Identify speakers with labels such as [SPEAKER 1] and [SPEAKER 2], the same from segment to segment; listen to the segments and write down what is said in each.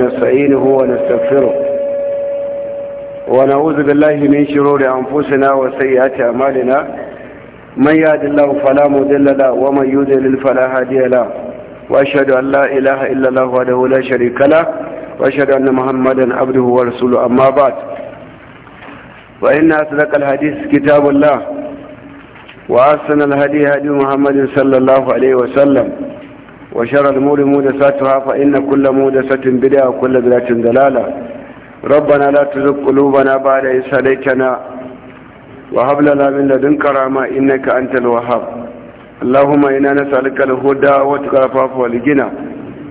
[SPEAKER 1] نستعينه ونستغفره ونعوذ بالله من شرور أنفسنا وسيئات أعمالنا من يهد الله فلا مضل له ومن يضلل فلا هادي له وأشهد أن لا إله إلا الله وحده لا شريك له وأشهد أن محمدا عبده ورسوله أما بعد وإن أصدق الحديث كتاب الله وأحسن الهدي هدي محمد صلى الله عليه وسلم وشر الأمور مودساتها فإن كل مودسة بدعة وكل بدعة ضلالة ربنا لا تزغ قلوبنا بعد إذ هديتنا وهب لنا من لدنك رحمة إنك أنت الوهاب اللهم إنا نسألك الهدى وتقى العفاف والغنى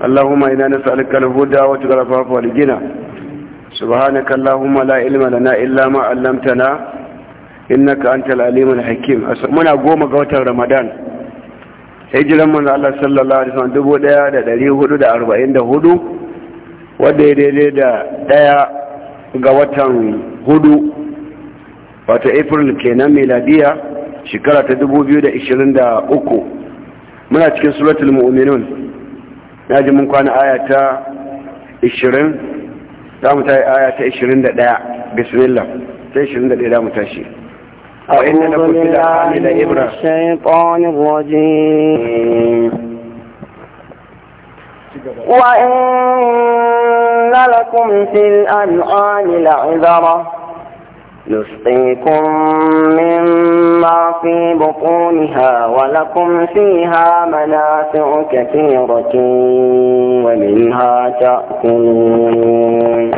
[SPEAKER 1] اللهم إنا نسألك الهدى وتقى العفاف والغنى سبحانك اللهم لا علم لنا إلا ما علمتنا إنك أنت العليم الحكيم منا قوم قوة رمضان hijiran manzo Allah sallallahu alaihi wasallam dubu daya da dari hudu da arba'in da hudu wadda ya daidai da daya ga watan hudu wato april kenan miladiya shekara ta dubu biyu da ishirin da uku muna cikin suratul mu'minun na ji mun kwana aya ta ishirin za mu ta aya ta ishirin da daya bismillah ta ishirin da daya za mu tashi وإن لكم في
[SPEAKER 2] الشيطان الرجيم وإن لكم في الأنعام لعبرة نسقيكم مما في بطونها ولكم فيها منافع كثيرة ومنها
[SPEAKER 1] تأكلون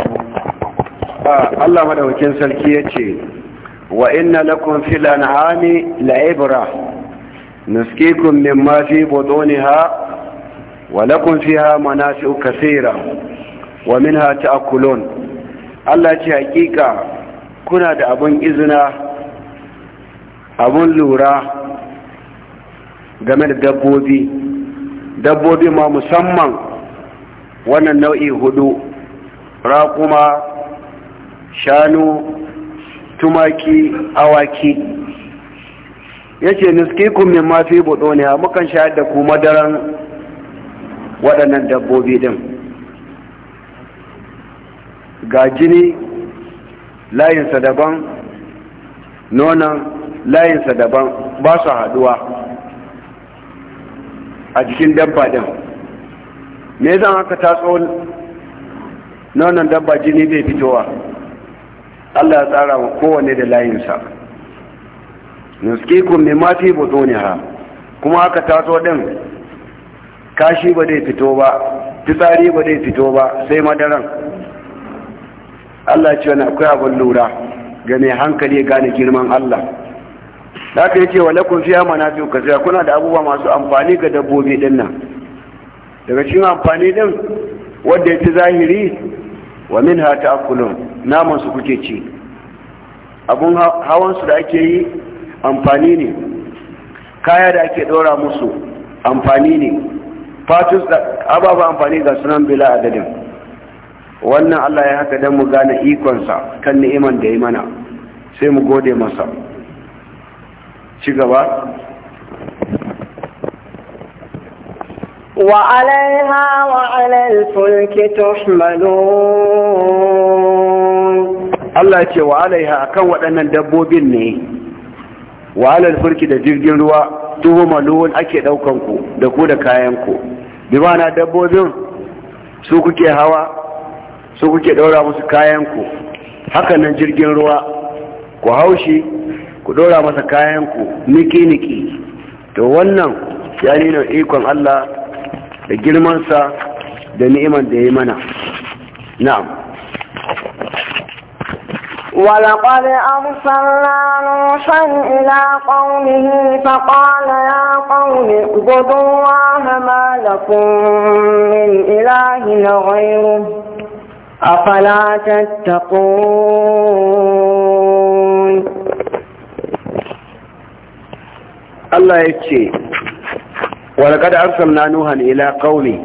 [SPEAKER 1] آه، الله مدعوكين كان سلكيتي wa inna lakum fil an'ami la'ibra nuskikum mimma fi butuniha wa lakum fiha manasi'u kaseera wa minha ta'kulun Allah ce hakika kuna da abun izina abun lura game da dabbobi dabbobi ma musamman wannan nau'i huɗu ra shanu tumaki awaki yace nuskikum min ma fi buduniha mukan shayar da ku madaran waɗannan dabbobi din ga jini layinsa daban nonon layinsa daban ba su haduwa a jikin dabba ɗin. me zan aka tatso nonon dabba jini bai fitowa Allah ya tsara wa kowane da layinsa nuskikun mai mafi ha. kuma haka taso din kashi ba zai fito ba fitsari ba zai fito ba sai madaran Allah ce wani akwai abin lura ga mai hankali gane girman Allah da aka yi ce wa lakun fiya mana fi kasiya kuna da abubuwa masu amfani ga dabbobi din nan daga cikin amfani din wadda ya ci zahiri wa min ha ta'kulun naman su kuke ci abun hawan su da ake yi amfani ne kaya da ake dora musu amfani ne fatus da ababa amfani ga sunan bila adadin wannan Allah ya haka dan mu gane ikon sa kan ni'iman da ya mana sai mu gode masa ci gaba
[SPEAKER 2] وعليها وعلى الفلك
[SPEAKER 1] تحملون الله يتي وعليها كان waɗannan dabbobin ne وعلى الفلك da jirgin ruwa tuhumalun ake daukan ku da ku da kayan ku bi ma'ana dabbobin su kuke hawa su kuke daura musu kayan ku haka nan jirgin ruwa ku haushi ku daura masa kayan ku niki niki to wannan ya nina ikon Allah da girmansa da ni'imar da ya yi mana. Na'am.
[SPEAKER 2] Wala ƙwale a musan lalushan ila ƙauni ne ta ƙwale ya ƙauni gudunwa na malafin min ilahi na ghairu a falatar ta ƙun.
[SPEAKER 1] Allah ya ce, ولقد أرسلنا نوحا إلى قومه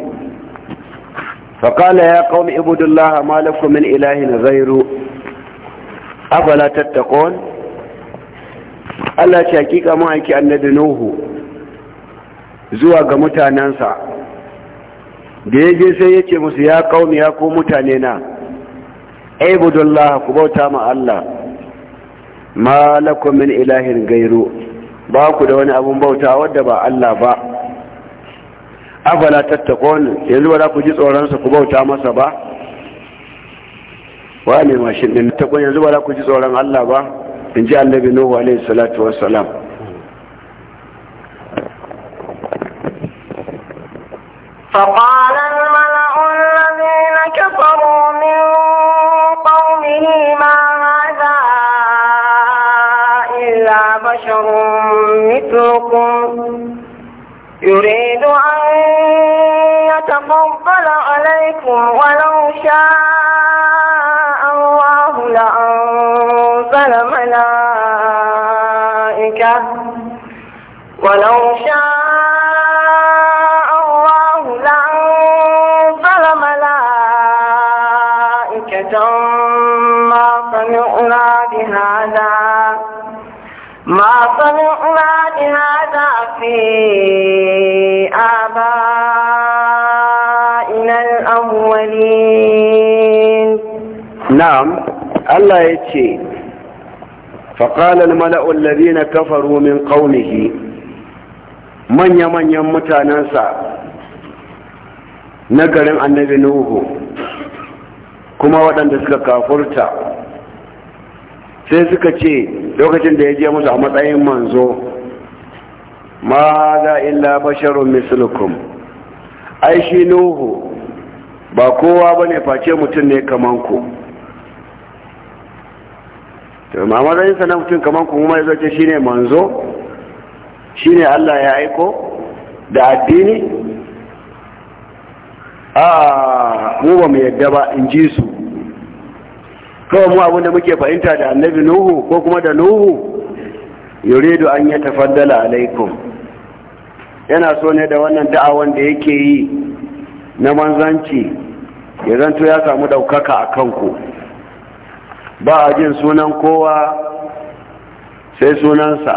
[SPEAKER 1] فقال يا قوم اعبدوا الله ما لكم من إله غيره أفلا تتقون Allah ce hakika mun aiki annabi Nuhu zuwa ga mutanensa da ya je sai ya ce musu ya kaumi ya ko mutane na aibudullah ku bauta ma Allah ma lakum min ilahin gairu ba ku da wani abun bauta wadda ba Allah ba afala tattakon yanzu ba za ku ji tsoronsa ku bauta masa ba wa ne mashin din takon yanzu ba za ku ji tsoron Allah ba in ji annabi Nuhu alaihi salatu wassalam
[SPEAKER 2] فقال الملأ الذين كفروا من قومه ما هذا إلا بشر مثلكم
[SPEAKER 1] يريد
[SPEAKER 2] أن يتفضل عليكم ولو شاء الله لأنزل ملائكة ولو شاء الله لأنزل ملائكة ما سمعنا بهذا Máa sọ na ńlá ìlà ẹ̀dá fi àbá
[SPEAKER 1] Allah ya ce, Fakalar mana ọlọ́rí na kafa rumin ƙaunihi, manya-manyan mutanensa na garin annabi Nuhu, kuma waɗanda suka kafurta, sai suka ce lokacin da ya je musu a matsayin manzo ma za illa basharun mislukum ai shi nuhu ba kowa ba ne face mutum ne kamanku to ma matsayinsa na mutum kamanku kuma ya zoce shi ne manzo shi ne allah ya aiko da addini a mu ba mu yadda ba in ji su kawai mu abinda muke fahimta da annabi nuhu ko kuma da nuhu yuridu an ya tafaddala alaikum yana so ne da wannan da'awan da yake yi na manzanci ya zanto ya samu ɗaukaka a kanku ba a jin sunan kowa sai sunansa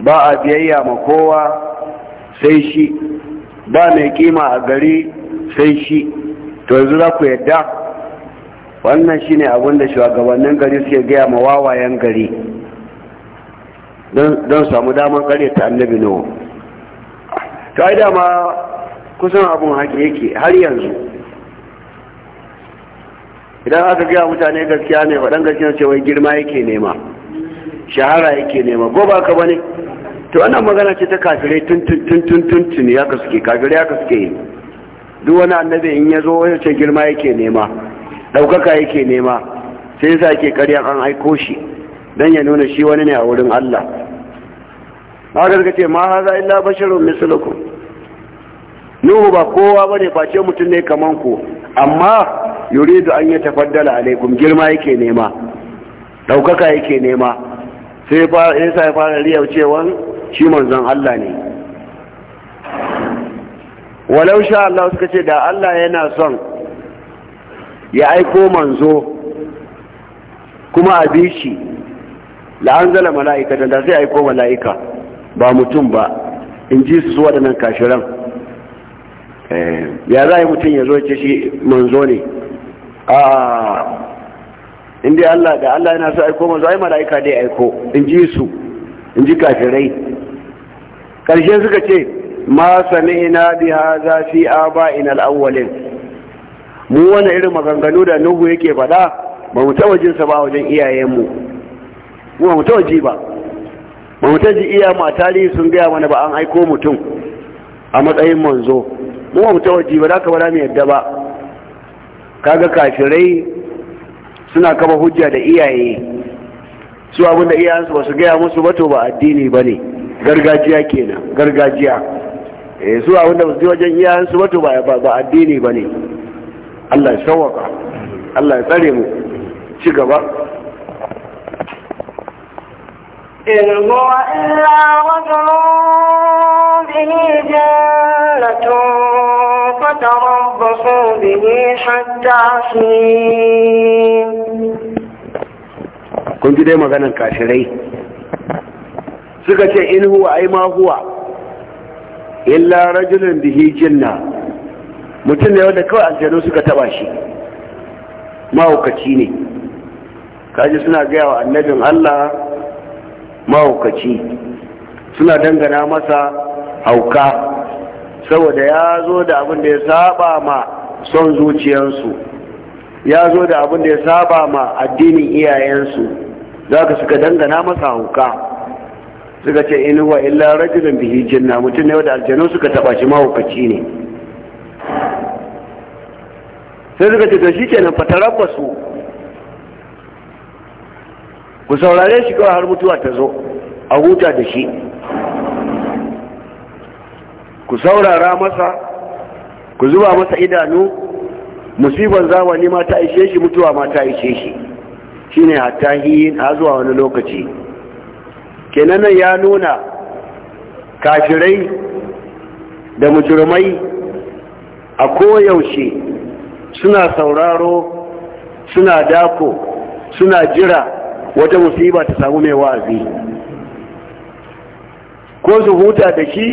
[SPEAKER 1] ba a biyayya ma kowa sai shi ba mai kima a gari sai shi to yanzu za ku yadda wannan shine abin da shugabannin gari suke gaya ma wawayen gari don samu damar kare ta annabi nuhu ta ai dama kusan abin haƙi yake har yanzu idan aka gaya mutane gaskiya ne waɗanda gaskiya ce wai girma yake nema shahara yake nema ko ba ka bane to wannan magana ce ta kafirai tuntuntuntun ya ka suke kafirai ya ka suke yi duk wani annabi in ya zo ya ce girma yake nema ɗaukaka yake nema sai yasa yake karya an aiko shi dan ya nuna shi wani ne a wurin Allah ba ga ce ma haza illa basharun mislukum nuhu ba kowa bane face mutum ne kaman ku amma yuridu an ya tafaddala alaikum girma yake nema
[SPEAKER 3] ɗaukaka yake
[SPEAKER 1] nema sai yasa ya fara riya cewa shi manzon Allah ne walau sha Allah suka ce da Allah yana son ya aiko manzo kuma a bi shi la'anzala mala'ika da zai aiko mala'ika ba mutum ba in ji su waɗannan kashiran eh, ya za a yi mutum ya zo ce shi manzo ne a inda Allah da Allah yana so aiko manzo ai mala'ika dai aiko in ji su in ji kashirai ƙarshen suka ce ma ina bi hadha fi a al-awwalin mu wani irin maganganu da nuhu yake faɗa ba mu taɓa sa ba wajen iyayenmu mu ba mu taɓa ji ba ba mu taɓa ji iya ma tarihi sun gaya mana ba an aiko mutum a matsayin manzo mu ba mu taɓa ji ba za ka ba mu yadda ba kaga kafirai suna kama hujja da iyaye su abinda iyayensu ba su gaya musu ba to ba addini ba ne gargajiya kenan gargajiya eh, su abinda ba su ji wajen iyayensu ba to ba addini ba ne Allah ya shawaka Allah ya tsare mu ci gaba
[SPEAKER 2] إن هو إلا رجل به جنة فتربصوا به حتى
[SPEAKER 1] حين kun ji dai maganan kashirai suka ce in huwa ai ma huwa illa rajulun bihi jinna mutum ne wanda kawai aljanu suka taba shi mahaukaci ne kaji suna gaya wa annabin allah mahaukaci suna dangana masa hauka saboda ya zo da abin da ya saba ma son zuciyarsu ya zo da abin da ya saba ma addinin iyayensu za ka suka dangana masa hauka suka ce inuwa illa rajulun bihi jinna mutum ne wanda aljanu suka taba shi mahaukaci ne sai suka ce to shi kenan fatarabbasu ku saurare shi kawai har mutuwa ta zo a huta da shi ku saurara masa ku zuba masa idanu musibar zamani ma ta ishe shi mutuwa ma ta ishe shi Shi ne hatta hiyin a zuwa wani lokaci kenan ya nuna kafirai da mujrimai a koyaushe suna sauraro suna dako suna jira wata musiba ta samu mai wa'azi ko su huta da shi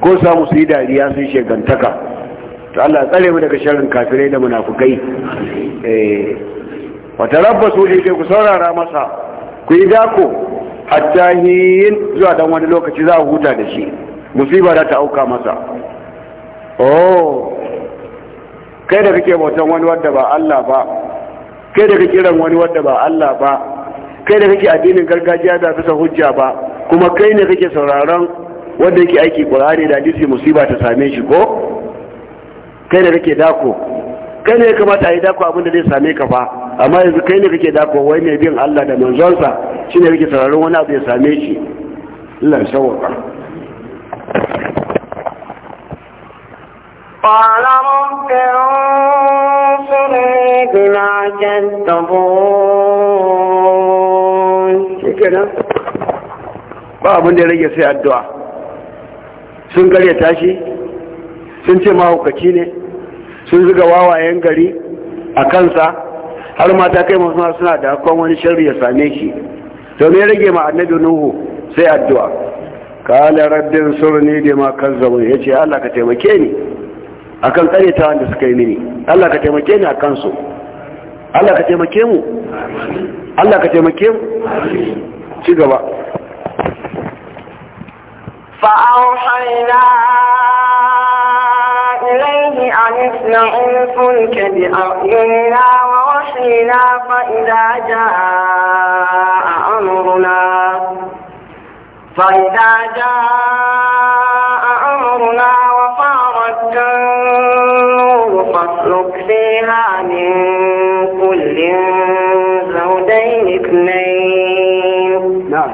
[SPEAKER 1] ko samu su yi dariya sun shegantaka to Allah tsare mu daga sharrin kafirai da munafukai eh wata su ne ku saurara masa ku yi dako hatta hin zuwa dan wani lokaci za a huta da shi musiba za ta auka masa oh kai da kake bautan wani wanda ba Allah ba kai da kake kiran wani wanda ba Allah ba kai da kake addinin gargajiya da bisa hujja ba kuma kai ne kake sauraron wanda yake aiki Qur'ani da hadisi musiba ta same shi ko kai da kake dako kai ne kamata a yi dako abin da zai same ka fa amma yanzu kai ne kake dako wai ne bin Allah da manzonsa shine kake sauraron wani abu ya same shi Allah ya
[SPEAKER 2] قال رب انصرني بما كذبون
[SPEAKER 1] ba abin da ya rage sai addu'a sun gare tashi sun ce mahaukaci ne sun zuga wawayen gari a kansa har mata kai masu suna da hakon wani shari ya same shi to ne rage ma annabi nuhu sai addu'a kala rabbin surni da ma kan zama ya ce Allah ka taimake ni akan ta wanda suka yi mini Allah ka taimake ni akan su Allah ka taimake mu Allah ka taimake mu ci gaba
[SPEAKER 2] fa auhayna ilayhi an yasna'il fulka bi a'yunina wa wahyina fa idha jaa amruna fa idha jaa amruna واخلق فيها من كل زوجين اثنين نعم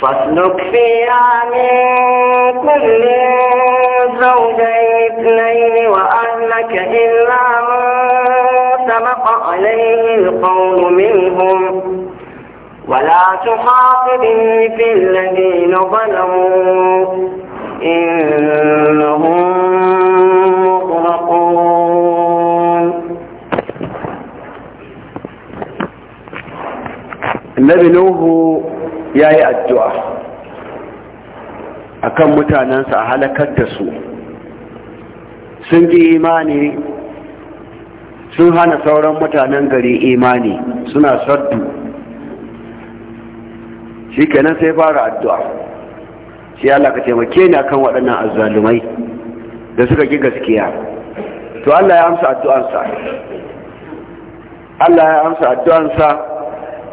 [SPEAKER 2] فاسلك فيها من كل زوجين اثنين وأهلك إلا من سبق عليه القول منهم ولا تخاطبني في الذين ظلموا إنهم
[SPEAKER 1] nabi nuhu ya yi addu'a a kan mutanensa a halakar da su sun ji imani sun hana sauran mutanen gari imani suna saddu shi kenan sai fara addu'a shi Allah ka taimake a kan waɗannan azalumai da suka ki gaskiya to Allah ya amsa addu'ansa Allah ya amsa addu'ansa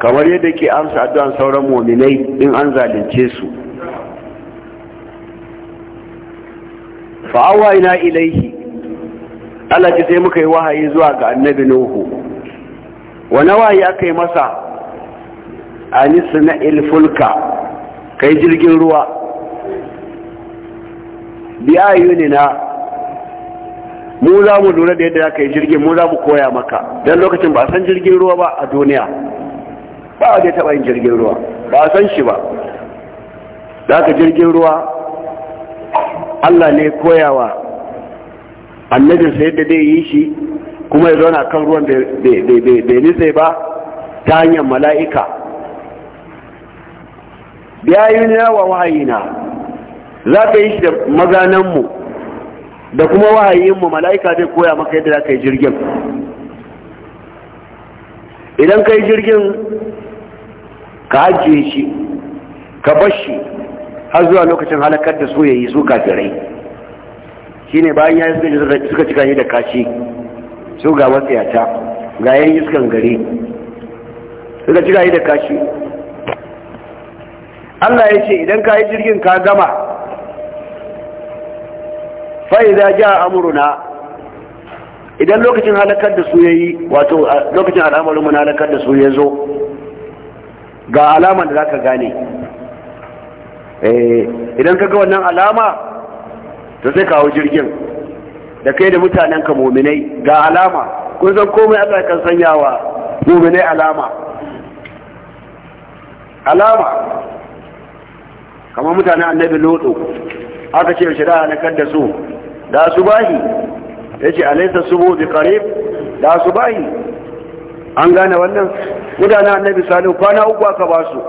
[SPEAKER 1] kamar yadda ke amsa addu'an sauran muminai in an zalunce su fa'awa ina ilaihi Allah ce sai muka yi wahayi zuwa ga annabi Nuhu wani wahayi aka yi masa anisa na ilfulka kai jirgin ruwa biya yuni na mu za mu lura da yadda aka yi jirgin mu za mu koya maka don lokacin ba a san jirgin ruwa ba a duniya ba a ya taba yin jirgin ruwa ba san shi ba da aka jirgin ruwa Allah ne koyawa annabinsa yadda zai yi shi kuma ya zauna kan ruwan bai nise ba ta hanyar mala'ika biyayi yawa wahayi na? za ka yi shi da mazananmu da kuma wahayinmu mala'ika zai koya maka yadda za ka yi jirgin idan ka yi jirgin ka ajiye shi ka bar shi har zuwa lokacin halakar da su yayi su kafirai shine bayan ya suka suka cika ne da kashi su ga matsayata ga yan iskan gari suka cika ne da kashi Allah ya ce idan ka yi jirgin ka gama fa'iza ja amuruna idan lokacin halakar da su yayi wato lokacin al'amarin mun halakar da su ya zo ga alama da zaka gane eh, idan ka ga wannan alama to sai kawo jirgin da kai da mutanen ka muminai ga alama kun san komai Allah kan sanya wa muminai alama alama kamar mutanen annabi lodo aka ce shi da na da su da su bahi yace alaysa subu bi qarib da su bahi an gane wannan gudana annabi salihu kwana uku aka ba su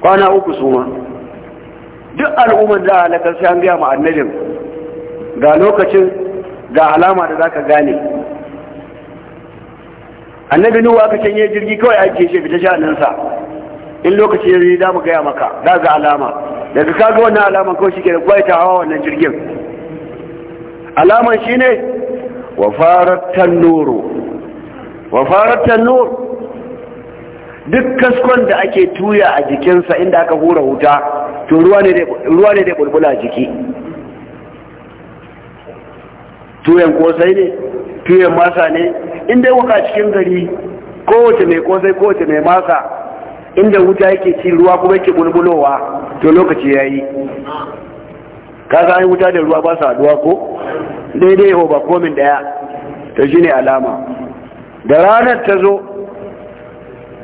[SPEAKER 1] kwana uku su ma duk al'ummar da halakar sai an gaya ma annabin ga lokacin ga alama da za ka gane annabi nuwa aka canye jirgi kawai ake shi fita sha'aninsa in lokaci ya zai damu gaya maka za ga alama daga ga wannan alaman kawai shi ke da kwaita hawa wannan jirgin alaman shi ne wa farar tannoro wa faratan nur duk kaskon da ake tuya a jikinsa inda aka hura wuta to ruwa ne da bulbula jiki tuyan kosai ne tuyan masa ne inda waka cikin gari kowace mai kosai kowace mai masa inda wuta yake ci ruwa kuma yake bulbulowa to lokaci ya yi Ka an wuta da ruwa ba sa haduwa ko daidai ba komin daya to ne alama da ranar ta zo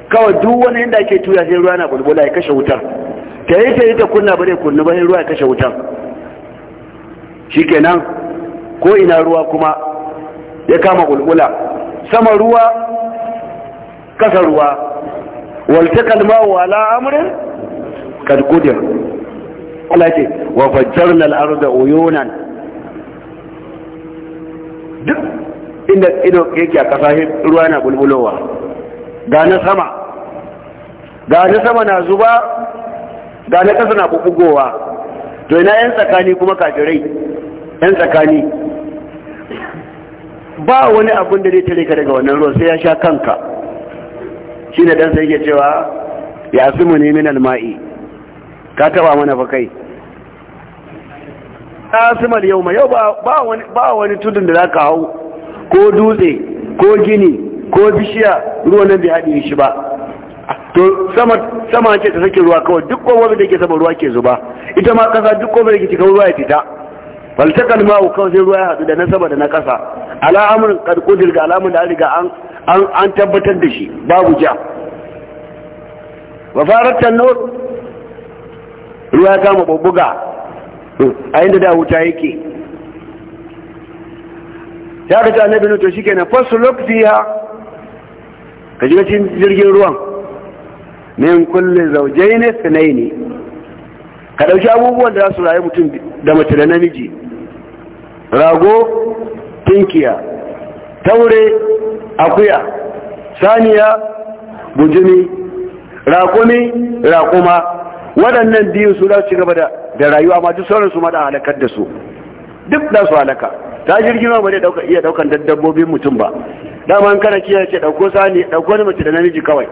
[SPEAKER 1] kawai duk wani inda ake tuya sai ruwa na bulbula ya kashe wutar ta yi ta yi ta kunna ba zai kunna ba ruwa ya kashe wutar Shi kenan ko ina ruwa kuma ya kama bulbula sama ruwa kasa ruwa walta kalma wala amrin kad qudir Allah ce wa fajjarna al-arda uyunan duk inda ido yake a kasa ruwa yana bulbulowa ga na sama ga na sama na zuba ga na kasa na bubugowa to ina yan tsakani kuma kafirai yan tsakani ba wani abun da zai tare ka daga wannan ruwan sai ya sha kanka shi ne dan sai yake cewa ya mu ne min alma'i ka taba mana fa kai asimar yau ma yau ba wani tudun da za ka hau ko dutse ko gini ko bishiya ruwan nan bai haɗe shi ba to sama sama ce ta sake ruwa kawai duk kowa da ke sama ruwa ke zuba ita ma kasa duk kowa da ke cikin ruwa ya fita faltakal ma'u kawai sai ruwa ya haɗu da na sama da na kasa kad karkudir ga alamun da an an an tabbatar da shi babu ja wa farar nur ruwa ya kama bubbuga a inda da wuta yake ya kace annabi nuto na fasluk fiha ka shiga cikin jirgin ruwan min kulli zawjayn ne. ka ɗauki abubuwan da za su rayu mutum da mace da namiji rago tinkiya taure akuya saniya bujumi raƙumi raƙuma waɗannan biyu su za su ci gaba da rayuwa ma duk sauransu ma da halakar da su duk da su halaka ta jirgin ruwa ba dauka iya daukan dabbobin mutum ba dama an kana kiyaye ce dauko sani dauko ne mace da namiji kawai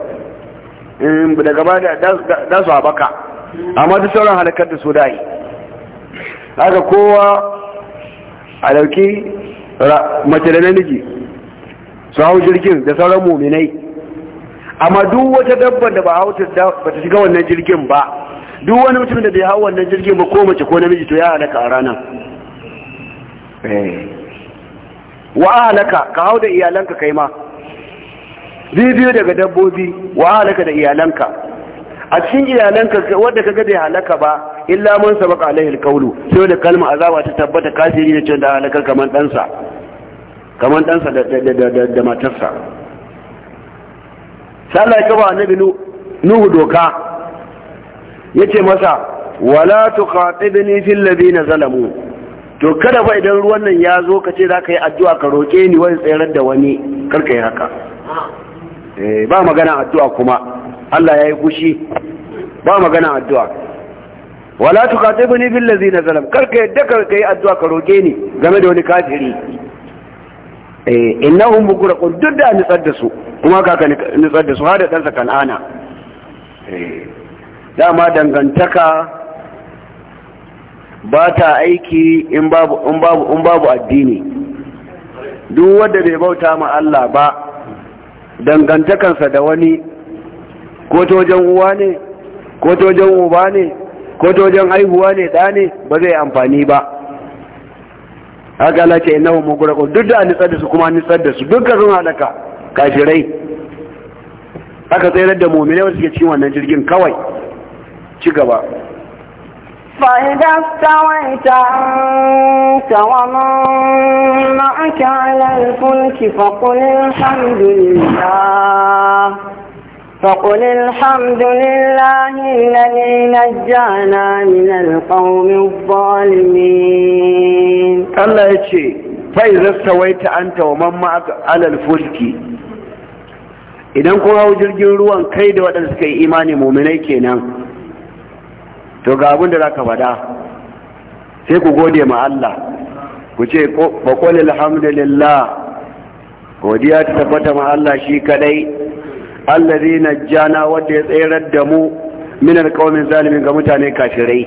[SPEAKER 1] in gaba ba da su abaka amma duk sauran halakar da su dai haka kowa a dauki mace da namiji su hau jirgin da sauran muminai amma duk wata dabbar da ba hau ba ta shiga wannan jirgin ba duk wani mutum da bai hau wannan jirgin ba ko mace ko namiji to ya halaka a ranar Eh. wa ahlaka ka hau da iyalanka kai ma biyu daga dabbobi wa ahlaka da iyalanka a cikin iyalanka wanda kaga da halaka ba illa mun sabaka alaihi alqawlu sai da kalma azaba ta tabbata kafiri ne cewa da halakar kaman dansa kaman dansa da da da matarsa sai ya kaba annabi nuhu doka yace masa wala tuqatibni fil ladina zalamu to kada fa idan ruwan nan ya zo ka ce za ka yi addu'a ka roƙe ni wani tsayar da wani karka yi haka eh, ba magana addu'a kuma Allah ya yi kushi ba magana addu'a wala tuqatibni bil ladzina zalam karka yadda karka yi addu'a ka roƙe ni game da wani kafiri eh innahum mugraqun duk da nitsar da su kuma kaka nitsar da su har da dan kan'ana eh dama dangantaka ba ta aiki in babu addini duk wanda bai bauta ma Allah ba dangantakansa da wani ko ta wajen uwa ne ko ta wajen uba ne ko ta wajen haihuwa ne ɗa ne ba zai amfani ba haka Allah nawa innahu mughraqun duk da nitsar da su kuma nitsar da su dukkan sun halaka kafirai aka tsayar da mu'mini wasu suke cikin wannan jirgin kawai ci gaba
[SPEAKER 2] فإذا استويت أنت ومن معك على الفلك فقل الحمد لله فقل الحمد لله الذي نجانا من القوم الظالمين
[SPEAKER 1] الله يتشي فإذا استويت أنت ومن معك على الفلك إذا كنت أوجر جنروا كيد وأنسكي إيماني مؤمنين كينا to ga abin da za ka faɗa sai ku gode ma Allah ku ce ba bakwai alhamdulillah godiya ta tabbata ma Allah shi kadai na jana wanda ya tserar da mu min alqaumin zalimin ga mutane kafirai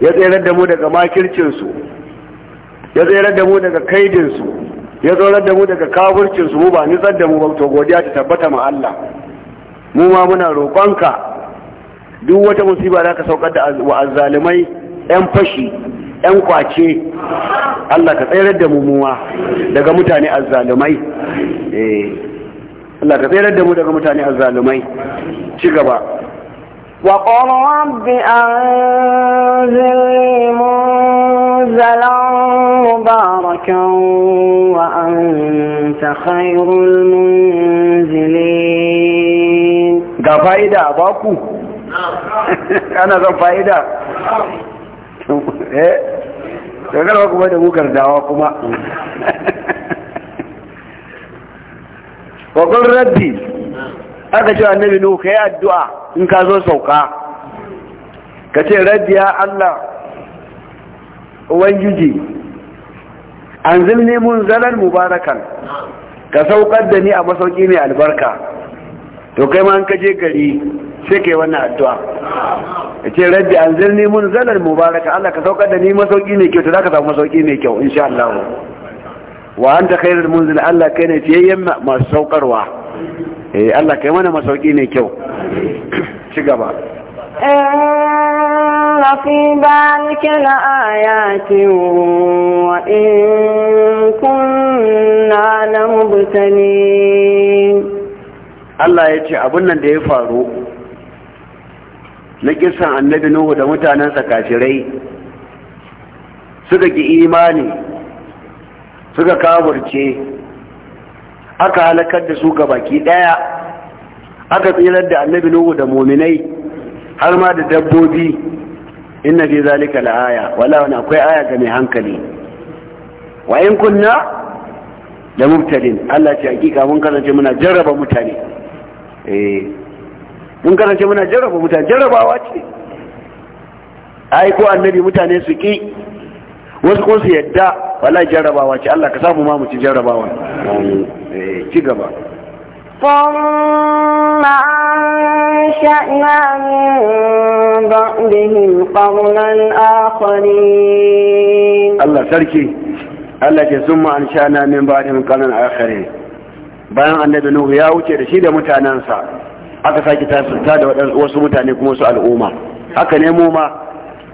[SPEAKER 1] ya tserar da mu daga makircinsu, ya tserar da mu daga kaidinsu, ya tserar da mu daga kafircin mu ba nisar da mu ba to godiya ta tabbata ma Allah mu ma muna roƙonka duk wata musiba za ka saukar da zalimai 'yan fashi 'yan kwace Allah ka tsayar da mummuwa daga mutane azzalumai eh, Allah ka tsayar da mu daga mutane azzalumai ci gaba
[SPEAKER 2] وقل رب أنزلني منزلا مباركا وأنت
[SPEAKER 1] خير المنزلين ga fa'ida a baku ana son fa'ida eh da kuma da mugar dawa kuma wakon rabbi aka ce annabi nuhu ka yi addu'a in ka zo sauka ka ce rabbi ya allah ubangiji an zilni mun zanen mubarakan ka saukar da ni a masauki mai albarka to kai ma an kaje gari sai kai wannan addu'a ce rabbi anzilni zanar mubaraka Allah ka saukar da ni masauki mai kyau za ka samu masauki mai kyau insha Allah wa anta mun zina, Allah kai ne fiyayyen masu saukarwa eh Allah kai mana masauki mai kyau ci gaba
[SPEAKER 2] إن في ذلك لآيات وإن كنا لمبتلين
[SPEAKER 1] Allah ya ce abin nan da ya faru na kisan annabi nuhu da mutanensa kafirai suka ki imani suka kawurce aka halakar da su ga baki daya aka tsirar da annabi nuhu da muminai har ma da dabbobi inna fi zalika la'aya wala wani akwai aya ga mai hankali wa in kunna da mubtadin Allah ce hakika mun kasance muna jarraba mutane eh mun karanta muna jarraba mutane jarrabawa ce ai ko annabi mutane su ki wasu kun su yadda wala jarrabawa ce Allah ka samu ma mu ci jarrabawa eh, ci gaba
[SPEAKER 2] ثم أنشأنا من بعدهم قرنا آخرين
[SPEAKER 1] الله سركي Allah ce sun ma'an shana min ba da min kanan akare bayan annabi Nuhu ya wuce da shi da mutanansa. aka sake tasirta da wasu mutane kuma su al'umma haka ne mu ma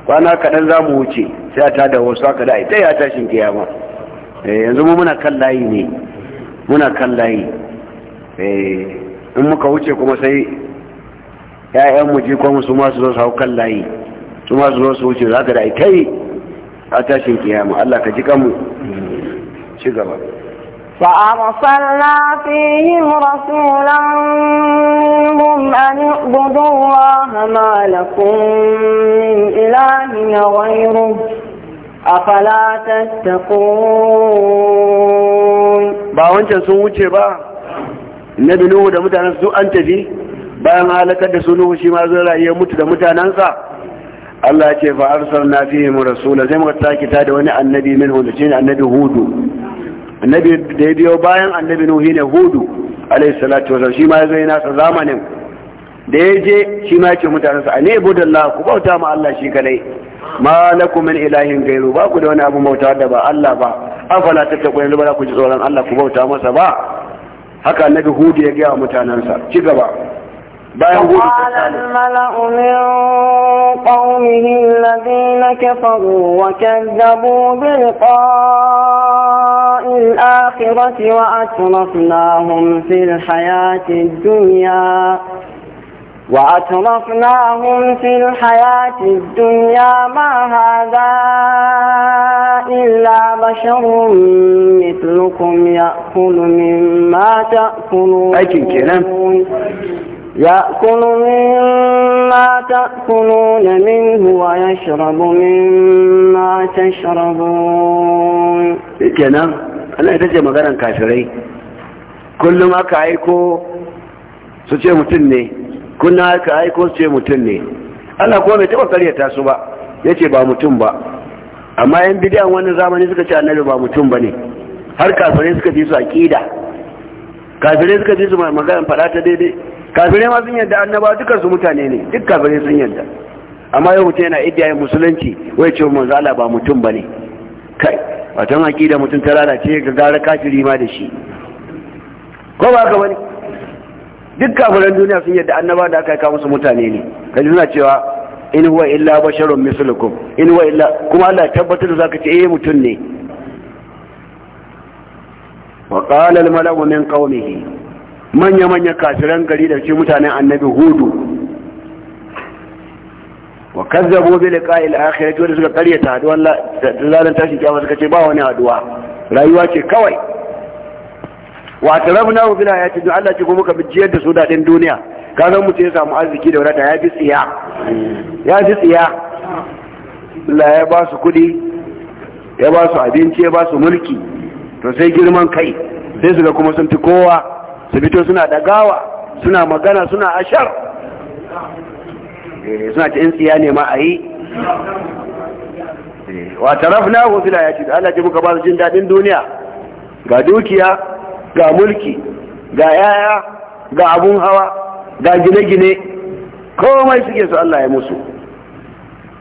[SPEAKER 1] kwana kaɗan za mu wuce sai a tada wasu haka da ita ya tashin kiyama eh, yanzu mu muna kan layi ne muna kan layi eh, in muka wuce kuma sai ya'yan mu ji kuma su masu zo su hau kan layi su masu zo su wuce za ka da ita a tashin kiyama Allah ka ji kanmu ci gaba
[SPEAKER 2] فأرسلنا فيهم رسولا منهم أن اعبدوا الله ما لكم من إله غيره
[SPEAKER 1] أفلا تتقون النبي نوه دا أنت في bayan halakar da su nuhu ma zai mutu da mutanensa Allah ya ce fa arsalna fihim rasula muka da wani annabi min hudu annabi hudu annabi da ya biyo bayan annabi nuhi ne hudu alaihi salatu wasallam shi ma ya zai nasa zamanin da ya je shi ma yake mutanen sa ne budallah ku bauta ma Allah shi kadai ma lakum min ilahin gairu ba ku da wani abu bauta da ba Allah ba afala tattaqun ba ku ji tsoron Allah ku bauta masa ba haka annabi hudu ya ga mutanen sa ci gaba وقال
[SPEAKER 2] الملأ من قومه الذين كفروا وكذبوا بلقاء الآخرة وأترفناهم في الحياة الدنيا وأترفناهم في الحياة الدنيا ما هذا إلا بشر مثلكم يأكل مما تأكلون يأكل مما تأكلون منه ويشرب مما
[SPEAKER 1] تشربون kenan Allah ita ce maganar kafirai kullum aka aiko su ce mutum ne kullum aka aiko su ce mutum ne Allah kuma bai taɓa karyata su ba ya ce ba mutum ba amma yan bidiyan wannan zamani suka ce annabi ba mutum ba ne har kafirai suka fi su aƙida kafirai suka fi su maganar faɗa ta daidai kafirai ma sun yadda annaba dukkan su mutane ne duk kafirai sun yadda amma yau mutum yana yin musulunci wai ce manzo Allah ba mutum bane kai watan aqida mutum ta lalace ga gara kafiri ma da shi ko ba ka bane duk kafiran duniya sun yadda annaba da aka kawo musu mutane ne kaji suna cewa in huwa illa basharun mislukum in huwa illa kuma Allah tabbatar da zaka ce eh mutum ne wa qala al mala'u min manya-manya kafiran gari da ce mutanen annabi hudu wa kazzabu bi liqa'i al-akhirati wanda qaryata karyata haduwa lalan tashi kiyama suka ce ba wani haduwa rayuwa ce kawai wa tarabna bi ayati dunya Allah ce ko muka bijiyar da su din duniya ka mu ce ya samu arziki da wadata ya bi tsiya ya bi tsiya Allah ya ba su kuɗi ya ba su abinci ya ba su mulki to sai girman kai sai su ga kuma sun fi kowa su fito suna dagawa suna magana suna ashar eh, suna ce in tsiya ne ma a yi eh, wa na hu fil Da Allah ke muka ba su jin dadin duniya ga dukiya ga mulki ga yaya ga abun hawa ga gine-gine komai suke su Allah ya musu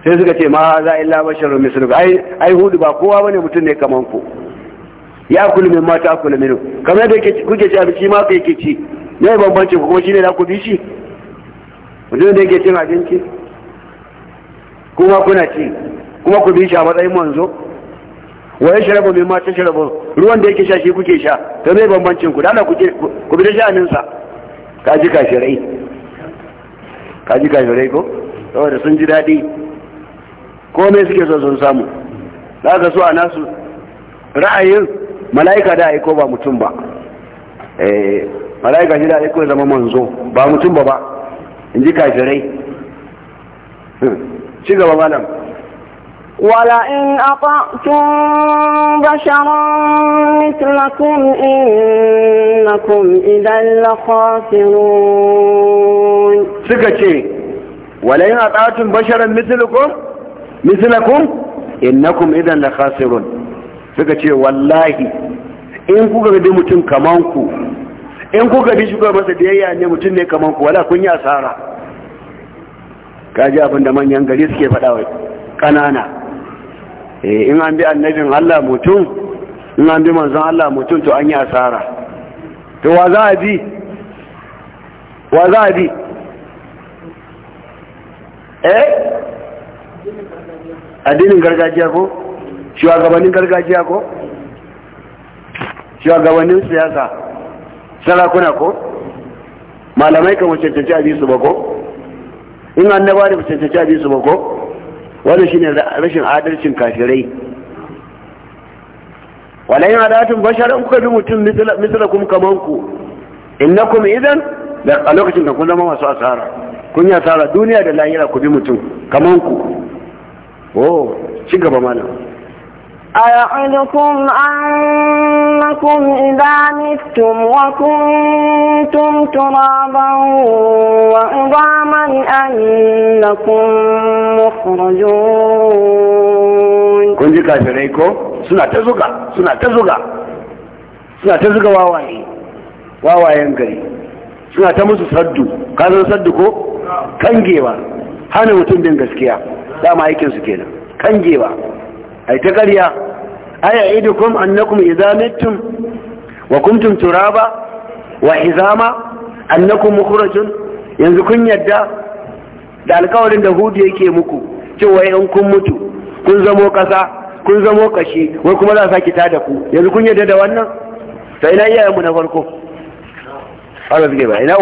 [SPEAKER 1] sai suka ce ma za illa basharun ai ai hudu ba kowa bane mutum ne kamar ku ya kula min mata kula minu kamar da kuke ci abinci ma ka yake ci ne bambanci ku kuma shine da ku bi shi mutum da yake cin abinci kuma kuna ci kuma ku bi shi a matsayin manzo wa ya sharabu min mata sharabu ruwan da yake sha shi kuke sha to me bambancin ku kuke ku bi da sha'anin sa ka ji ka shirai ka ji ka shirai ko saboda sun ji daɗi komai suke so sun samu za ka so a nasu ra'ayin mala'ika da aiko ba mutum ba eh, mala'ika shi da aiko zama manzo ba mutum ba ba in ji kafirai hmm, ci gaba malam
[SPEAKER 2] wala in aqatun basharan mislakum innakum idan la khasirun
[SPEAKER 1] suka ce wala in aqatun basharan mislakum mislakum innakum idan la khasirun suka ce wallahi in kuka ga mutum kaman ku in kuka bi shugaban masa biyayya ne mutum ne kaman ku wala kun yi asara ji abin da manyan gari suke faɗa wa ƙanana eh, in an bi annabin Allah mutum in an bi manzon Allah mutum to an yi asara to wa za a bi wa za a bi eh addinin gargajiya ko shugabannin gargajiya ko shugabannin siyasa sarakuna ko malamai kan cancanci abin su ba ko in na annaba da cancanci abin su ba ko wannan shine rashin adalcin kafirai walayin adatun basharan kuka bi mutum misala kuma kaman ku innakum idan da a lokacin da kun zama masu asara kun yi asara duniya da lahira ku bi mutum kaman ku oh ci gaba mana
[SPEAKER 2] أيعدكم أنكم إذا متم وكنتم ترابا وعظاما أنكم مخرجون
[SPEAKER 1] كنت كافريكو سنة تزغى سنة تزغى سنة تزغى واواي واواي ينقري سنة تمس صدو قالوا صدكو كنجيوا هانا متندن قسكيا لا ما يكن سكينا كنجيوا ai ta ƙarya aya idukum annakum idza mittum wa kuntum turaba wa annakum mukhrajun yanzu kun yadda da alƙawarin da hudu yake muku cewa in kun mutu kun zamo ƙasa kun zamo kashi wai kuma za a saki ta da ku yanzu kun yadda da wannan ina na farko ba ina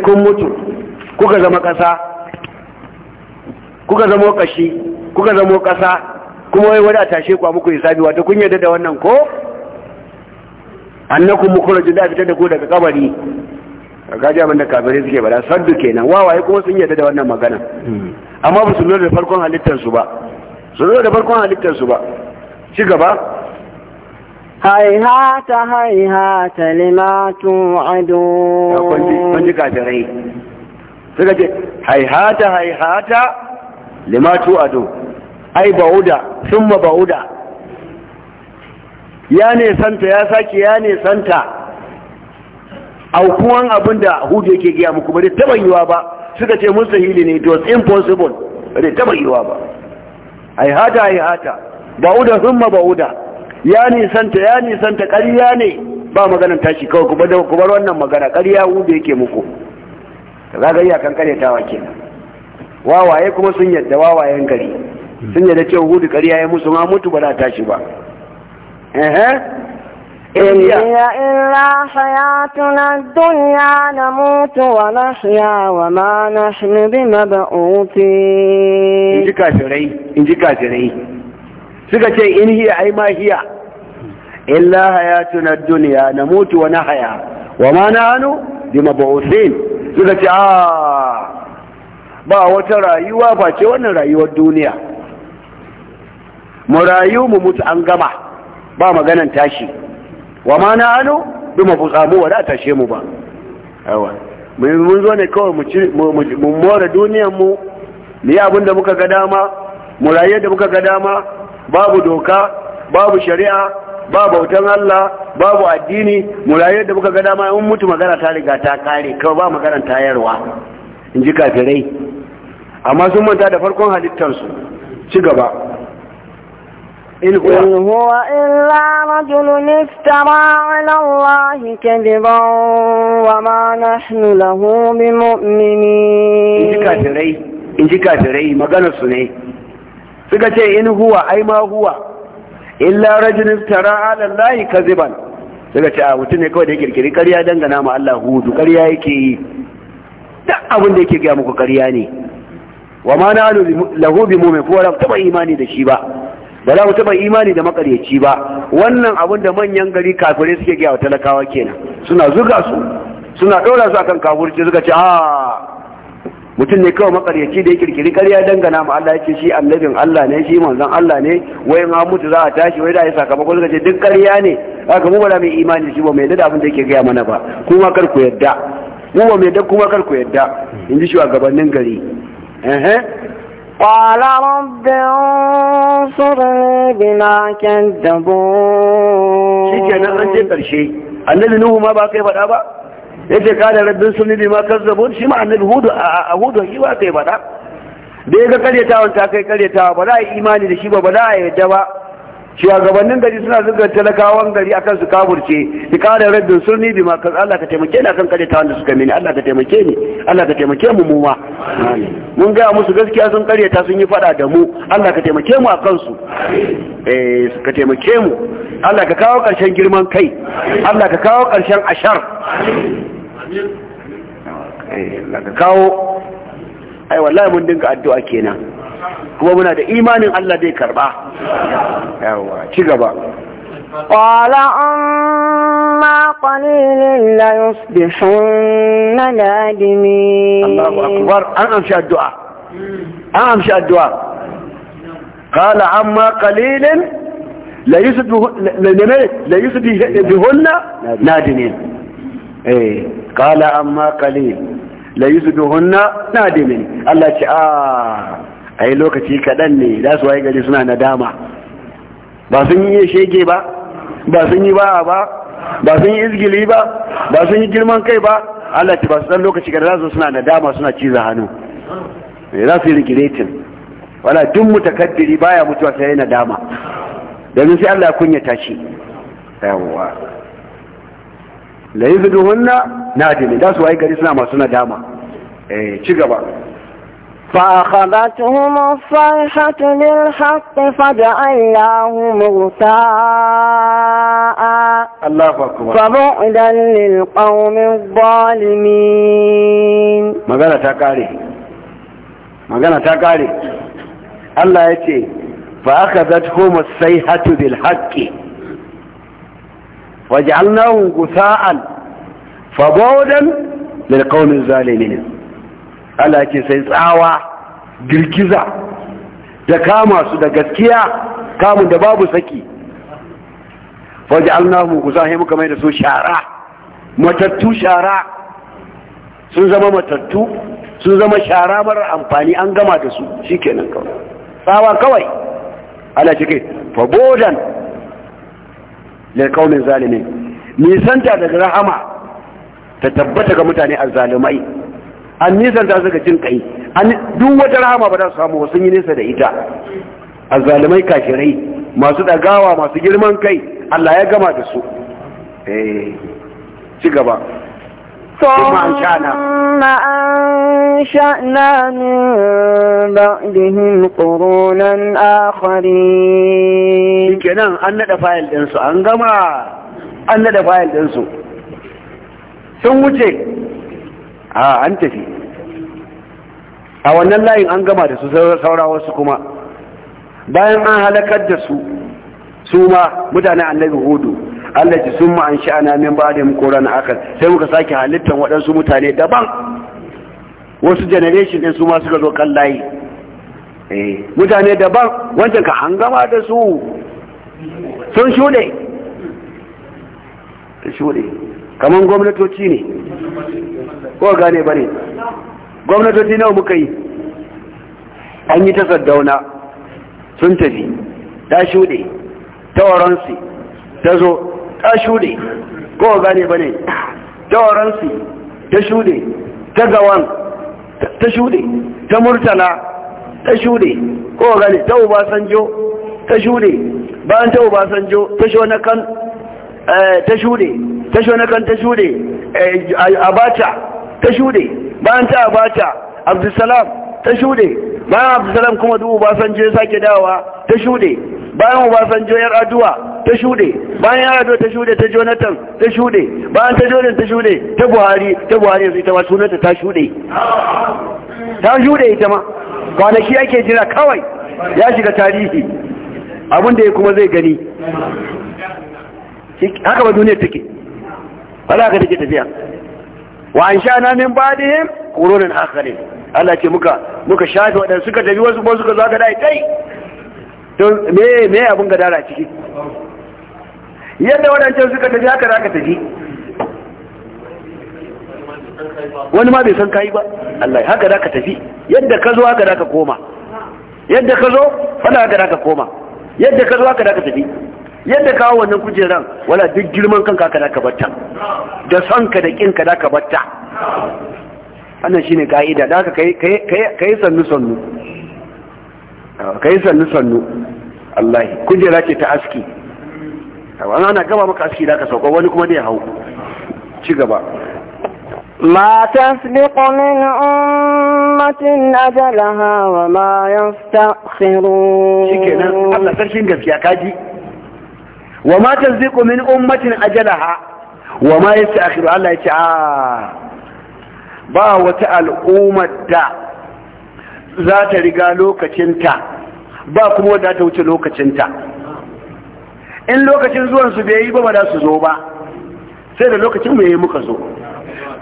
[SPEAKER 1] kun mutu kuka zama ƙasa kuka zama ƙashi kuka zama ƙasa kuma wai wani a tashe ku a muku hisabi kun yarda da wannan ko annakum mukhrajun da fitar da ku daga kabari gaji abin da kafirai suke bada saddu kenan wawaye kuma sun yarda da wannan magana amma ba su lura da farkon halittar su ba su lura da farkon halittar su ba ci gaba
[SPEAKER 2] haihata haihata lima tu'adu kun kwanci
[SPEAKER 1] kafirai suka ce haihata haihata limatu ado ai ba'uda summa ba'uda ya ne santa ya sake ya ne santa aukuwan abin da hudu yake giya muku ba dai taba yiwa ba suka ce hili ne it was impossible bari taba yiwa ba haihata haihata ba'uda summa ba'uda ya ne santa ya ne santa ƙarya ne ba maganar tashi kawai ku bar wannan magana ƙarya hudu yake muku ragari a kankare tawa ke wawaye kuma sun yadda wawayen gari sun yadda cewa hudu gari ya yi musu ma mutu ba na tashi ba
[SPEAKER 2] duniya na mutu wa na
[SPEAKER 1] suka ce in hiya ai ma hiya illa hayatu duniya na mutu wa haya wa ma na hannu suka ce a ah, ba wata rayuwa ba ce wannan rayuwar duniya mu rayu mu mutu an gama ba maganan tashi wa ma na hannu bi mafi samu wa tashe mu ba yawa mun zo ne kawai mu more duniyanmu mu ne abin da muka ga dama mu rayu da muka ga dama babu doka babu shari'a ba bautan Allah babu addini mulaye da muka ga dama in mutu magana ta riga ta kare kawai ba magana tayarwa in ji kafirai amma sun manta da farkon halittarsu ci gaba إن هو
[SPEAKER 2] إلا رجل افترى على الله كذبا وما نحن له بمؤمنين إن جي
[SPEAKER 1] كافري إن جي كافري مغانا سنة إن هو أي ما هو illa rajulun tara ala Allah kaziban daga ce a mutum ne kawai da ya kirkiri ƙarya dangana ma Allah hudu ƙarya yake yi duk abin da yake gaya muku ƙarya ne wa ma na lahu bi mu'min ko ba taba imani da shi ba ba za mu taba imani da makaryaci ba wannan abin da manyan gari kafirai suke gaya wa talakawa kenan suna zuga su suna ɗora su akan kafirci suka ce a mutum ne kawai makaryaci da ya kirkiri karya dangana ma Allah yake shi annabin Allah ne shi manzon Allah ne wai ma mutu za a tashi wai da ya sakamako suka ce duk karya ne haka mu ba mai imani shi ba mai da abin da yake gaya mana ba kuma kar ku yadda mu ba mai da kuma kar ku yadda in ji shugabannin gari eh
[SPEAKER 2] قال رب انصرني
[SPEAKER 1] بما كذبون شيء كان أنت قرشي الذي نوه ما باقي ba? yace kada rabbin sunni lima kazzabun shi ma annabi hudu a hudu shi ba kai bada da ya ga karyatawan ta kai karyatawa ba za a yi imani da shi ba ba za a yadda ba shugabannin gari suna zuga talakawan gari akan su kaburce ki kada rabbin sunni bima kaz Allah ka taimake ni akan karyatawan da suka mini Allah ka taimake ni Allah ka taimake mu mu ma mun ga musu gaskiya sun karyata sun yi fada da mu Allah ka taimake mu akan su eh ka taimake mu Allah ka kawo karshen girman kai Allah ka kawo karshen ashar Eh, kawo ai wallahi mun dinga addu'a kenan kuma muna da imanin Allah zai karba yawa ci gaba
[SPEAKER 2] qala amma qalilan la yusbihun nadimi Allahu akbar
[SPEAKER 1] an amshi addu'a an amshi addu'a qala amma qalilan la yusbihun la yusbihun nadimi eh kala amma qalil la na nadimin Allah ce a ah, ai lokaci kadan ne za su waye gari suna nadama ba sun yi shege ba ba sun yi ba'a ba ba sun yi izgili ba ba sun yi girman kai ba Allah ce ba su san lokaci kadan za su suna nadama suna ciza hannu eh, za su yi rigiretin wala duk mutakaddiri baya mutuwa sai nadama domin sai Allah ya kunyata shi yawwa la yuzduhunna nadimi da su ai gari suna masu nadama eh ci gaba
[SPEAKER 2] فأخذتهم الصيحة للحق فجعلناهم غثاء
[SPEAKER 1] الله أكبر
[SPEAKER 2] فبعدا للقوم الظالمين
[SPEAKER 1] مغانا تاكاري مغانا تاكاري الله يتي فأخذتهم الصيحة بالحق waj'alnahum gusa'an fabodan lil qaumiz zalimin Allah ce sai tsawa girgiza da kama su da gaskiya kamun da babu saki waj'alnahum gusa'an muka mai da su shara matattu shara sun zama matattu sun zama shara marar amfani an gama da su shikenan kawai tsawa kawai Allah ce kai lil qaumin zalimin nisanta daga rahama ta tabbata ga mutane azzalumai an nisanta su cin jin kai duk wata rahama ba za su samu sun yi nisa da ita azzalumai kafirai masu dagawa masu girman kai Allah ya gama da su eh ci gaba
[SPEAKER 2] ثم أنشأنا من بعدهم قرونا آخرين
[SPEAKER 1] kenan an naɗa fayil ɗinsu an gama an naɗa fayil ɗinsu sun wuce a an tafi a wannan layin an gama da su kuma bayan an halakar da su su ma mutane annabi hudu Allah ji sun ma'an sha'ana min ba da kora na akan sai muka sake halittar waɗansu mutane daban wasu generation ɗin su ma suka zo kan layi eh, mutane daban wancan ka hangama da su sun shuɗe shuɗe kamar gwamnatoci ne ko gane ba ne gwamnatoci nawa muka yi an yi ta dauna sun tafi ta shuɗe ta waransu ta zo ta shuɗe ko gane ba ne ta waransi ta shuɗe ta gawan ta shuɗe ta murtala ta shuɗe ko gane ta uba sanjo, ta shuɗe bayan ta sanjo ta sho na kan ta shuɗe ta sho na kan ta shuɗe abacha ta shuɗe bayan ta abacha abdulsalam ta shuɗe bayan abdulsalam kuma duk sanjo ya sake dawa ta shuɗe bayan sanjo yar aduwa ta shuɗe bayan ado ta shuɗe ta jonathan ta shuɗe bayan ta Jonathan ta shuɗe ta buhari ta buhari yanzu ita ma sunanta ta shuɗe ta shuɗe ita ma kwanaki ake jira kawai ya shiga tarihi abin da ya kuma zai gani haka ba duniyar take za ka take tafiya wa an sha na min badihim qurunan akharin Allah ce muka muka shafe waɗanda suka tafi wasu ba suka zaga dai kai to me me abun gadara ciki yadda wadancan suka tafi haka za ka tafi wani ma bai san kayi ba Allah haka za ka tafi yadda ka zo haka za ka koma yadda ka zo fada haka za ka koma yadda ka zo haka za ka tafi yadda kawo wannan kujeran wala duk girman kanka haka za ka batta da sanka da kinka za ka batta wannan shine ka'ida da haka ka yi sannu sannu ka yi sannu sannu Allah kujera ce ta aski kawai ana gaba maka aski da ka sauka wani kuma da ya hau ci gaba
[SPEAKER 2] matan ummatin na
[SPEAKER 1] jala hawa
[SPEAKER 2] mayan
[SPEAKER 1] wa matan slikomin ummatin wa allah ya ce a ah, ba wata al'ummar da za ta riga lokacinta ba kuma ta wuce lokacinta in lokacin zuwan su bai yi ba ba da su zo ba sai da lokacin mu yayi muka zo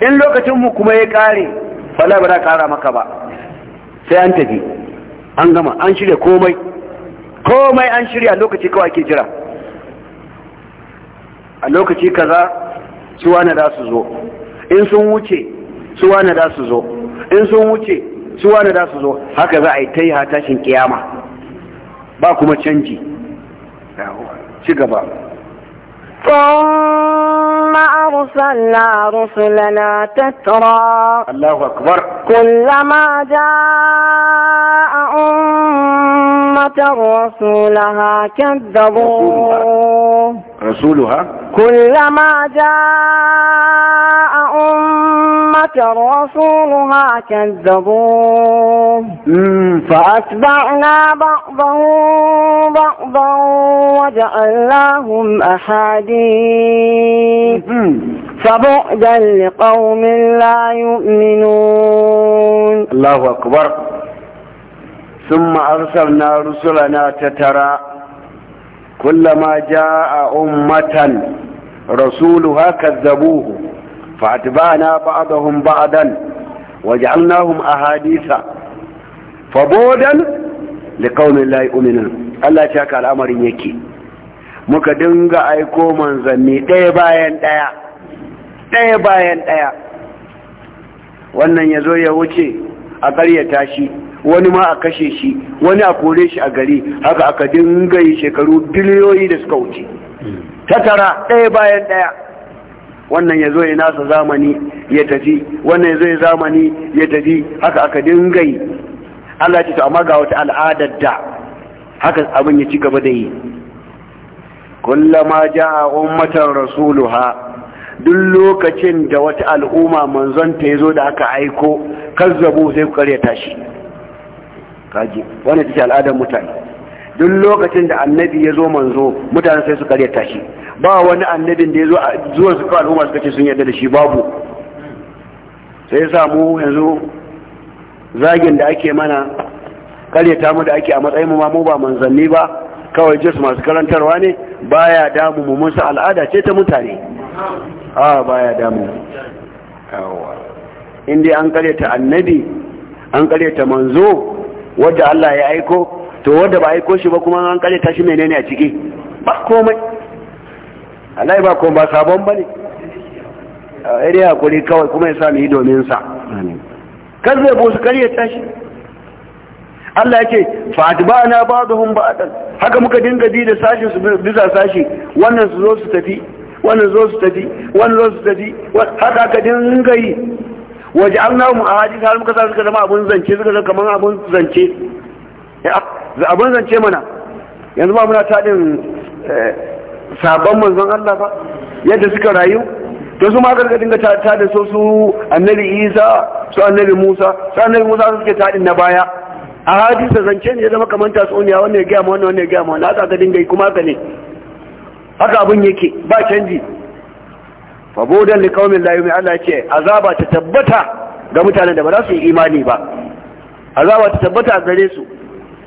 [SPEAKER 1] in lokacin mu kuma ya kare bala ba za kara maka ba sai an tafi an gama an shirya komai komai an shirya lokaci kawai ke jira a lokaci kaza su wani da su zo in sun wuce su wani da su zo in sun wuce su wani da su zo haka za a yi ta yi tashin kiyama ba kuma canji ci gaba
[SPEAKER 2] ثم أرسلنا رسلنا تترى
[SPEAKER 1] الله أكبر
[SPEAKER 2] كلما جاء أم رسولها كذبوه
[SPEAKER 1] رسولها
[SPEAKER 2] كلما جاء أمة رسولها كذبوه فأتبعنا بعضهم بعضا وجعلناهم أحاديث فبعدا لقوم لا يؤمنون
[SPEAKER 1] الله أكبر ثم أرسلنا رسلنا تترى كلما جاء أمة رسولها كذبوه فأتبعنا بعضهم بعضا وجعلناهم أحاديث فبودا لقوم لا يؤمنون الله شاك الأمر يكي مكدنغ أيكو من manzanni تيبا ينتيا تيبا ينتيا bayan ɗaya wannan ya ya wuce a ƙaryata shi wani ma a kashe shi wani a kore shi a gari haka aka dinga yi shekaru biliyoyi da suka wuce ta tara ɗaya bayan ɗaya wannan ya zo ya nasa zamani ya tafi wannan ya zo ya zamani ya tafi haka aka dinga yi Allah ce to amma ga wata al'adar da haka abin ya ci gaba da yi kullama ja'a ummatan rasuluha duk lokacin da wata al'umma manzon ta yazo da aka aiko kazzabu sai ku karyata shi kaji wannan take al'adar mutane duk lokacin da annabi ya zo manzo mutane sai su karyata shi ba wani annabin da ya zo zuwan su kawai al'umma suka ce sun yarda da shi babu sai samu yanzu zagin da ake mana karyata mu da ake a matsayin mu ma mu ba manzanni ba kawai jis masu karantarwa ne baya damu mu mun al'ada ce ta mutane a baya damu yawa in dai an karyata annabi an karyata manzo wadda Allah ya aiko to wadda ba aiko shi ba kuma an kare ta shi menene a ciki ba komai Allah ba ko ba sabon bane a dai hakuri kawai kuma ya sami domin sa kan zai bu su kare ta shi Allah ya ce fa atba'na ba'dhum ba'dan haka muka dinga bi da sashi su bisa sashi wannan su zo su tafi wannan zo su tafi wannan zo su tafi haka ka dinga yi waje an mu a hadisi har muka sa suka zama abun zance suka zama kamar abun zance abun zance mana yanzu ba muna taɗin eh, sabon manzon Allah ba yadda suka rayu to su ma gargadin ga taɗin so su annabi isa su annabi musa su annabi musa su suke taɗin na baya a hadisa zance ne ya zama kamar ta uniya wannan ya gaya ma wannan ya gaya ma na haka ga dinga kuma haka ne haka abun yake ba canji fa budan li qaumin la yu'minu Allah ce azaba ta tabbata ga mutanen da ba za su yi imani ba azaba ta tabbata a gare su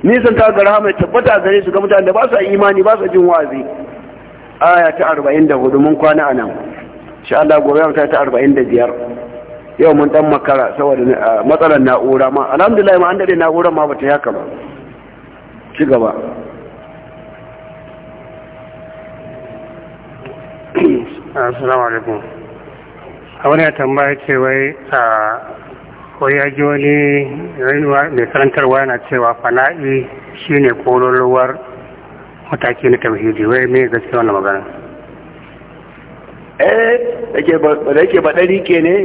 [SPEAKER 1] nisan ta ga rahama tabbata a gare su ga mutanen da ba su yi imani ba su jin wazi aya ta arba'in da hudu mun kwana anan insha Allah gobe mu ta arba'in da biyar. yau mun dan makara saboda matsalar na'ura ma alhamdulillah ma an dade na'urar ma bata yaka ba ci gaba Ah,
[SPEAKER 3] assalamu alaikum
[SPEAKER 1] a wani tambaya ce wai a ah, wai ya mai karantarwa yana cewa fana'i shi ne kololowar mataki na tauhidi wai mai gaske wannan magana eh ba da yake ba dari ke ne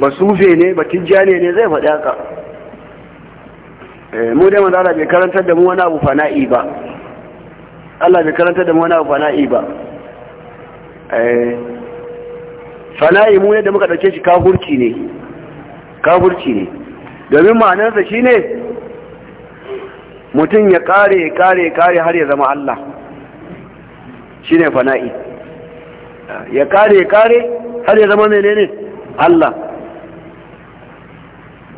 [SPEAKER 1] ba sufe ne ba tijjane ne zai faɗi haka eh, mu dai manzo Allah bai karantar da mu wani abu fana'i ba Allah bai karantar da mu wani abu fana'i ba Sana'i eh, mu ne da muka ɗauke shi kafurci ne kafurci ne domin ma'anarsa shi ne mutum ya kare kare kare har ya zama Allah shi ne fana'i ya kare kare har ya zama menene Allah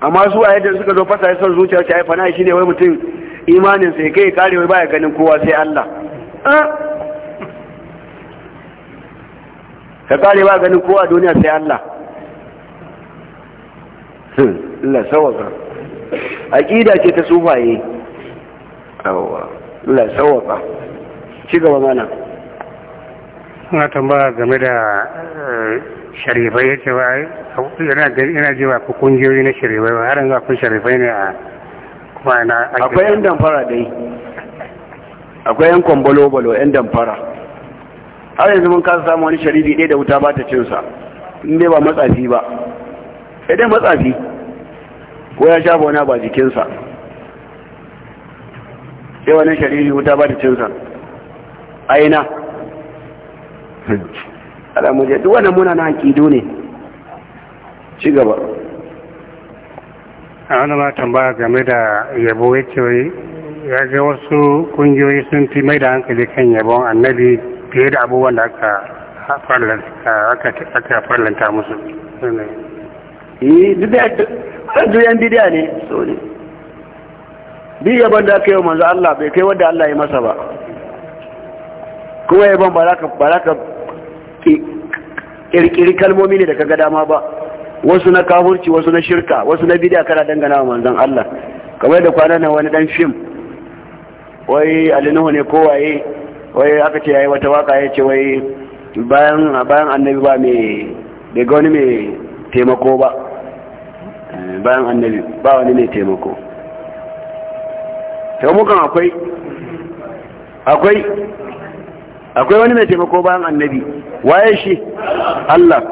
[SPEAKER 1] amma su a yadda suka zo fasa ya son zuciya ce ai fana'i shi ne wai mutum imaninsa ya kai kare wai baya ganin kowa sai Allah ah! ka kare ba ganin kowa duniya sai Allah hmm, Allah sawaka aqida ce ta sufaye yawa Allah sawaka ci gaba mana suna tambaya game da eh, sharifai ya ce wa yana ji ba ku kungiyoyi na sharifai ba har yanzu akwai sharifai ne a kuma na akwai yan damfara dai akwai yan kwambalo balo yan damfara har yanzu mun kasa samu wani sharidi ɗaya da wuta ba ta cinsa in dai ba matsafi ba idan matsafi ko ya shafa wani ba jikinsa sai wani sharidi wuta ba ta cinsa aina alamuje duk wani muna na hakido ne ci gaba a wani matan tambaya game da yabo ya ce ya ga wasu kungiyoyi sun fi mai da hankali kan yabon annabi fiye da abubuwan da aka farlanta musu eh, yi duyan bidiya ne so ne biyu da aka yi wa manzo Allah bai kai wanda Allah ya masa ba kuma yaban ba za ka ƙirƙiri kalmomi ne da ka gada ma ba wasu na kafurci wasu na shirka wasu na bidiya kana dangana wa manzon Allah kamar da kwanan wani dan fim wai alinuhu ne kowaye wai aka ce yayi wata waka ya ce wai bayan bayan annabi ba mai bai wani mai taimako ba eh, bayan annabi ba wani mai taimako sai mukan akwai akwai akwai wani mai taimako bayan annabi waye shi Allah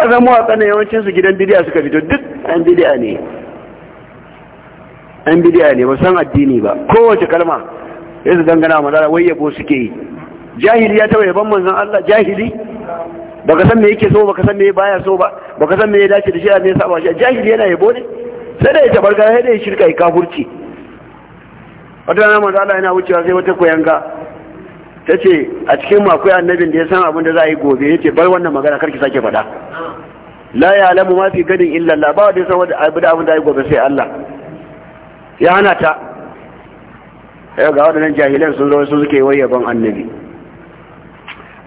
[SPEAKER 1] zama mawaka ne yawancin su gidan bidiya suka fito duk an bidiya ne an bidiya ne ba san addini ba kowace kalma Yanzu gangana dangana manzala wai yabo suke yi jahili ya taba yaban manzon Allah jahili baka san me yake so baka san me baya so ba baka san me ya dace da shi a me yasa ba shi jahili yana yabo ne sai da ya tabarga sai da ya shirka ya kafurci wata rana manzo Allah yana wucewa sai wata koyanga tace a cikin mu annabin da ya san abin da za a yi gobe yace bar wannan magana karki sake faɗa la ya'lamu ma fi gadin illa Allah ba wanda ya san wanda abin da gobe sai Allah ya hana ta yau ga waɗannan jahilan sun zo su suke ban annabi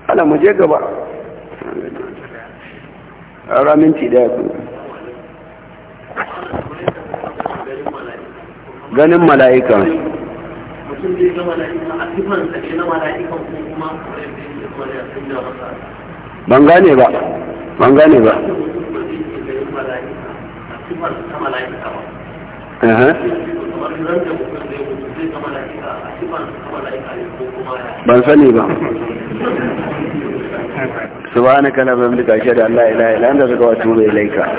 [SPEAKER 1] ala mu je gaba minti daya ku ganin mala'ika ban gane ba ban gane ba Uh-huh. ban sani ba subhanaka la bihamdika ashhadu an la ilaha illa anta astaghfiruka wa atubu ilaika